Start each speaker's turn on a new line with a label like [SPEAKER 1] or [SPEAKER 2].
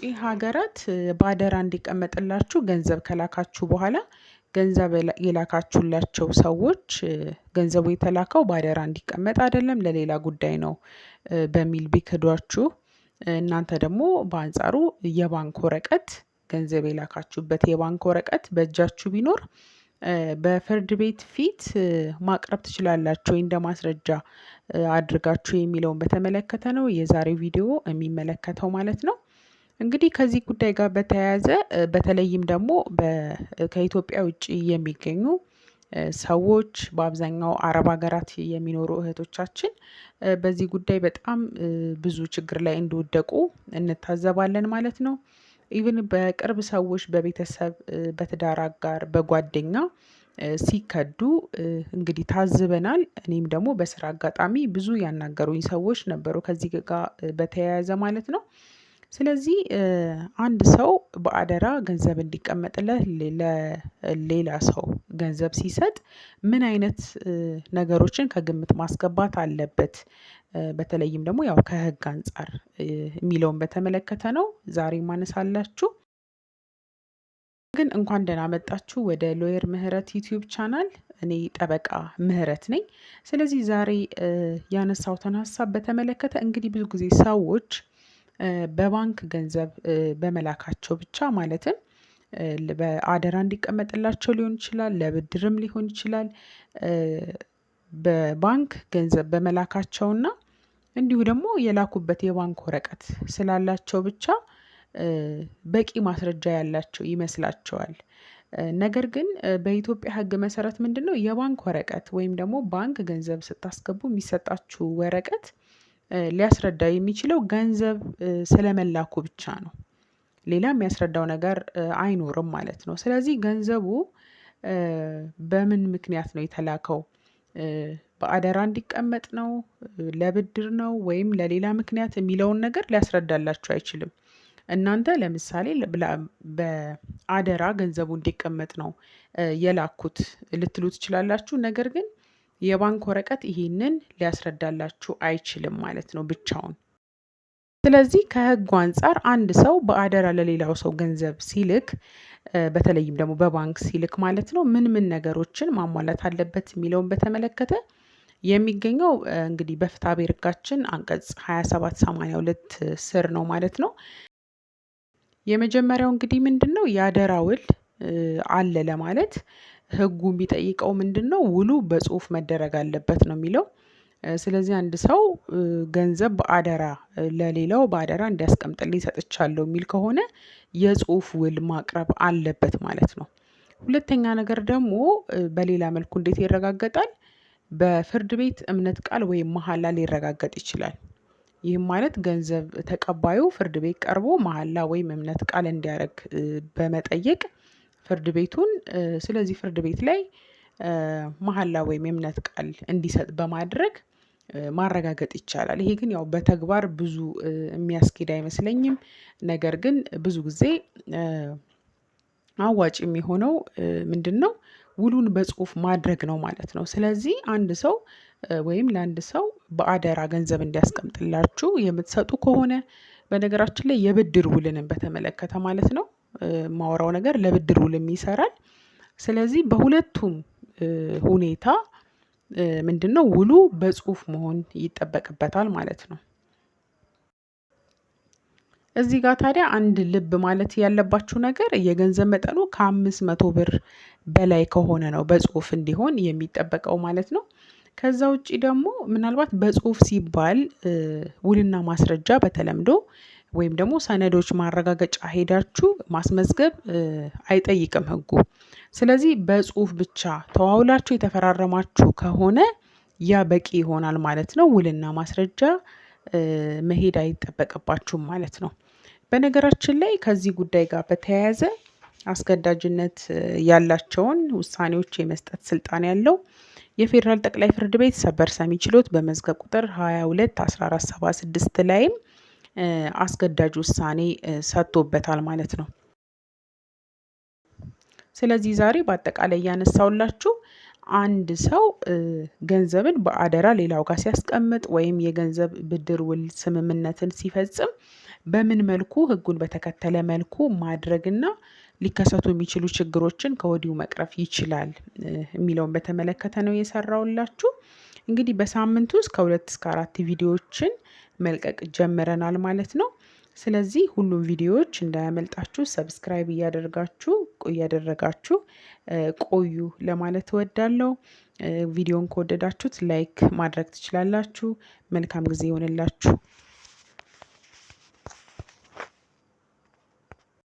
[SPEAKER 1] ውጭ ሀገራት በአደራ እንዲቀመጥላችሁ ገንዘብ ከላካችሁ በኋላ ገንዘብ የላካችሁላቸው ሰዎች ገንዘቡ የተላከው በአደራ እንዲቀመጥ አይደለም ለሌላ ጉዳይ ነው በሚል ቢክዷችሁ እናንተ ደግሞ በአንጻሩ የባንክ ወረቀት ገንዘብ የላካችሁበት የባንክ ወረቀት በእጃችሁ ቢኖር በፍርድ ቤት ፊት ማቅረብ ትችላላችሁ ወይ እንደ ማስረጃ አድርጋችሁ የሚለውን በተመለከተ ነው የዛሬው ቪዲዮ የሚመለከተው ማለት ነው። እንግዲህ ከዚህ ጉዳይ ጋር በተያያዘ በተለይም ደግሞ ከኢትዮጵያ ውጭ የሚገኙ ሰዎች በአብዛኛው አረብ ሀገራት የሚኖሩ እህቶቻችን በዚህ ጉዳይ በጣም ብዙ ችግር ላይ እንደወደቁ እንታዘባለን ማለት ነው። ኢቨን በቅርብ ሰዎች በቤተሰብ በትዳር አጋር በጓደኛ ሲከዱ እንግዲህ ታዝበናል። እኔም ደግሞ በስራ አጋጣሚ ብዙ ያናገሩኝ ሰዎች ነበሩ ከዚህ ጋር በተያያዘ ማለት ነው ስለዚህ አንድ ሰው በአደራ ገንዘብ እንዲቀመጥለት ለሌላ ሰው ገንዘብ ሲሰጥ ምን አይነት ነገሮችን ከግምት ማስገባት አለበት? በተለይም ደግሞ ያው ከህግ አንፃር የሚለውን በተመለከተ ነው ዛሬ ማነሳላችሁ። ግን እንኳን ደህና መጣችሁ ወደ ሎየር ምህረት ዩቲዩብ ቻናል እኔ ጠበቃ ምህረት ነኝ። ስለዚህ ዛሬ ያነሳውትን ሀሳብ በተመለከተ እንግዲህ ብዙ ጊዜ ሰዎች በባንክ ገንዘብ በመላካቸው ብቻ ማለትም በአደራ እንዲቀመጥላቸው ሊሆን ይችላል ለብድርም ሊሆን ይችላል። በባንክ ገንዘብ በመላካቸውና እንዲሁ ደግሞ የላኩበት የባንክ ወረቀት ስላላቸው ብቻ በቂ ማስረጃ ያላቸው ይመስላቸዋል። ነገር ግን በኢትዮጵያ ህግ መሰረት ምንድነው? የባንክ ወረቀት ወይም ደግሞ ባንክ ገንዘብ ስታስገቡ የሚሰጣችሁ ወረቀት ሊያስረዳ የሚችለው ገንዘብ ስለመላኩ ብቻ ነው። ሌላ የሚያስረዳው ነገር አይኖርም ማለት ነው። ስለዚህ ገንዘቡ በምን ምክንያት ነው የተላከው? በአደራ እንዲቀመጥ ነው ለብድር ነው ወይም ለሌላ ምክንያት የሚለውን ነገር ሊያስረዳላችሁ አይችልም። እናንተ ለምሳሌ በአደራ ገንዘቡ እንዲቀመጥ ነው የላኩት ልትሉ ትችላላችሁ። ነገር ግን የባንክ ወረቀት ይህንን ሊያስረዳላችሁ አይችልም ማለት ነው ብቻውን። ስለዚህ ከህጉ አንጻር አንድ ሰው በአደራ ለሌላው ሰው ገንዘብ ሲልክ በተለይም ደግሞ በባንክ ሲልክ ማለት ነው ምን ምን ነገሮችን ማሟላት አለበት የሚለውን በተመለከተ የሚገኘው እንግዲህ በፍታ ህጋችን አንቀጽ 2782 ስር ነው ማለት ነው። የመጀመሪያው እንግዲህ ምንድን ነው የአደራ ውል አለ ለማለት ህጉ የሚጠይቀው ምንድነው? ውሉ በጽሁፍ መደረግ አለበት ነው የሚለው። ስለዚህ አንድ ሰው ገንዘብ በአደራ ለሌላው በአደራ እንዲያስቀምጥልኝ ሰጥቻለሁ የሚል ከሆነ የጽሁፍ ውል ማቅረብ አለበት ማለት ነው። ሁለተኛ ነገር ደግሞ በሌላ መልኩ እንዴት ይረጋገጣል? በፍርድ ቤት እምነት ቃል ወይም መሀላ ሊረጋገጥ ይችላል። ይህም ማለት ገንዘብ ተቀባዩ ፍርድ ቤት ቀርቦ መሀላ ወይም እምነት ቃል እንዲያደርግ በመጠየቅ ፍርድ ቤቱን። ስለዚህ ፍርድ ቤት ላይ መሀላ ወይም የእምነት ቃል እንዲሰጥ በማድረግ ማረጋገጥ ይቻላል። ይሄ ግን ያው በተግባር ብዙ የሚያስኬድ አይመስለኝም። ነገር ግን ብዙ ጊዜ አዋጭ የሚሆነው ምንድን ነው? ውሉን በጽሁፍ ማድረግ ነው ማለት ነው። ስለዚህ አንድ ሰው ወይም ለአንድ ሰው በአደራ ገንዘብ እንዲያስቀምጥላችሁ የምትሰጡ ከሆነ በነገራችን ላይ የብድር ውልንም በተመለከተ ማለት ነው የማወራው ነገር ለብድር ውልም ይሰራል። ስለዚህ በሁለቱም ሁኔታ ምንድነው ውሉ በጽሁፍ መሆን ይጠበቅበታል ማለት ነው። እዚህ ጋር ታዲያ አንድ ልብ ማለት ያለባችሁ ነገር የገንዘብ መጠኑ ከአምስት መቶ ብር በላይ ከሆነ ነው በጽሁፍ እንዲሆን የሚጠበቀው ማለት ነው ከዛ ውጭ ደግሞ ምናልባት በጽሁፍ ሲባል ውልና ማስረጃ በተለምዶ ወይም ደግሞ ሰነዶች ማረጋገጫ ሄዳችሁ ማስመዝገብ አይጠይቅም ህጉ። ስለዚህ በጽሁፍ ብቻ ተዋውላችሁ የተፈራረማችሁ ከሆነ ያ በቂ ይሆናል ማለት ነው። ውልና ማስረጃ መሄድ አይጠበቅባችሁም ማለት ነው። በነገራችን ላይ ከዚህ ጉዳይ ጋር በተያያዘ አስገዳጅነት ያላቸውን ውሳኔዎች የመስጠት ስልጣን ያለው የፌዴራል ጠቅላይ ፍርድ ቤት ሰበር ሰሚ ችሎት በመዝገብ ቁጥር 221476 ላይም አስገዳጅ ውሳኔ ሰጥቶበታል ማለት ነው። ስለዚህ ዛሬ በአጠቃላይ እያነሳውላችሁ አንድ ሰው ገንዘብን በአደራ ሌላው ጋር ሲያስቀምጥ ወይም የገንዘብ ብድር ውል ስምምነትን ሲፈጽም በምን መልኩ ህጉን በተከተለ መልኩ ማድረግና ሊከሰቱ የሚችሉ ችግሮችን ከወዲሁ መቅረፍ ይችላል የሚለውን በተመለከተ ነው የሰራውላችሁ። እንግዲህ በሳምንት ውስጥ ከሁለት እስከ አራት ቪዲዮዎችን መልቀቅ ጀምረናል ማለት ነው። ስለዚህ ሁሉም ቪዲዮዎች እንዳያመልጣችሁ ሰብስክራይብ እያደርጋችሁ እያደረጋችሁ ቆዩ ለማለት እወዳለሁ። ቪዲዮን ከወደዳችሁት ላይክ ማድረግ ትችላላችሁ። መልካም ጊዜ ይሆንላችሁ።